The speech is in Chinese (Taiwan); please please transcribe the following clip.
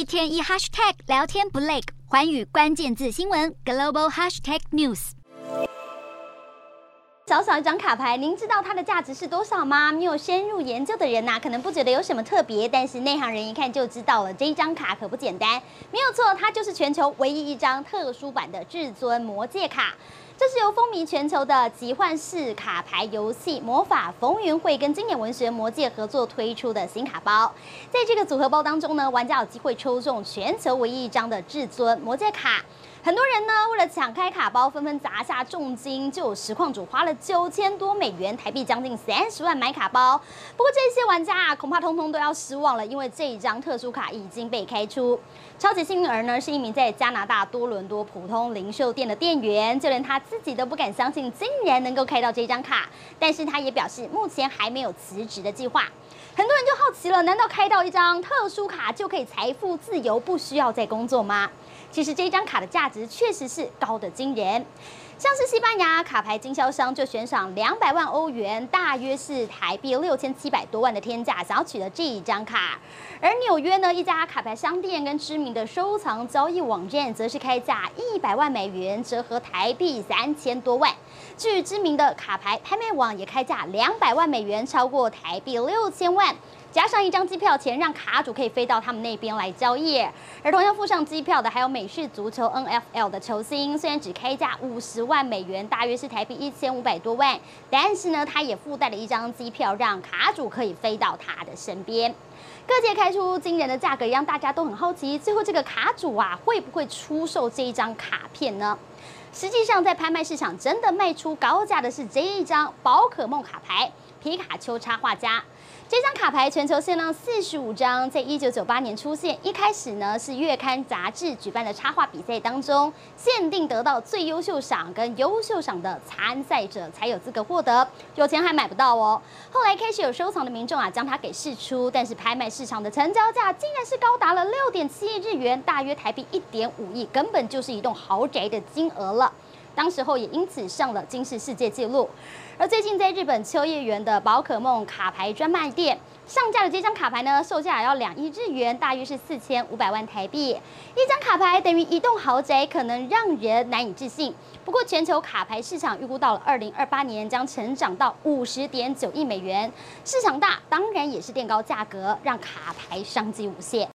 一天一 hashtag 聊天不累，寰宇關鍵字新聞 global hashtag news。小小一張卡牌，您知道它的價值是多少嗎？沒有深入研究的人吶、啊，可能不覺得有什麼特別，但是內行人一看就知道了，這一張卡可不簡單。沒有錯，它就是全球唯一一張特殊版的至尊魔戒卡。這是由風靡全球的集換式卡牌遊戲《魔法風雲會》跟經典文學《魔戒》合作推出的新卡包。在這個組合包當中呢，玩家有機會抽中全球唯一一張的至尊魔戒卡。很多人呢，為了搶開卡包，紛紛砸下重金。就有實況主花了九千多美元，台幣將近三十萬買卡包。不過這些玩家啊，恐怕通通都要失望了，因為這一張特殊卡已經被開出。超級幸運兒呢，是一名在加拿大多倫多普通零售店的店員，就連他。自己都不敢相信，竟然能夠開到這張卡，但是他也表示目前還沒有辭職的計劃。很多人就好奇了，難道開到一張特殊卡就可以財富自由，不需要再工作嗎？其實這一張卡的價值確實是高得驚人，像是西班牙卡牌經銷商就懸賞兩百萬歐元，大約是台幣六千七百多萬的天價，想要取得這一張卡。而紐約呢，一家卡牌商店跟知名的收藏交易網站，則是開價一百萬美元，折合台幣三千多萬。至於知名的卡牌拍賣網，也開價兩百萬美元，超過台幣六千萬。加上一張機票錢，讓卡主可以飛到他們那邊來交易。而同樣附上機票的，還有美式足球 NFL 的球星，雖然只開價五十萬美元，大約是台幣一千五百多萬，但是呢，他也附帶了一張機票，讓卡主可以飛到他的身邊。各界開出驚人的價格，讓大家都很好奇，最後這個卡主啊，會不會出售這一張卡片呢？實際上，在拍賣市場真的賣出高價的是這一張寶可夢卡牌。皮卡丘插畫家，這張卡牌全球限量四十五張，在一九九八年出現。一開始呢，是月刊雜志舉辦的插畫比賽當中，限定得到最優秀賞跟優秀賞的參賽者才有資格獲得，有錢還買不到哦。後來開始有收藏的民眾啊，將它給釋出，但是拍賣市場的成交價竟然是高達了六點七億日元，大約台幣一點五億，根本就是一棟豪宅的金額了。當時候也因此上了金氏世界紀錄，而最近在日本秋葉原的寶可夢卡牌專賣店上架的這張卡牌呢，售價要兩億日元，大約是四千五百萬台幣，一張卡牌等於一棟豪宅，可能讓人難以置信。不過全球卡牌市場預估到了二零二八年將成長到五十點九億美元，市場大當然也是墊高價格，讓卡牌商機無限。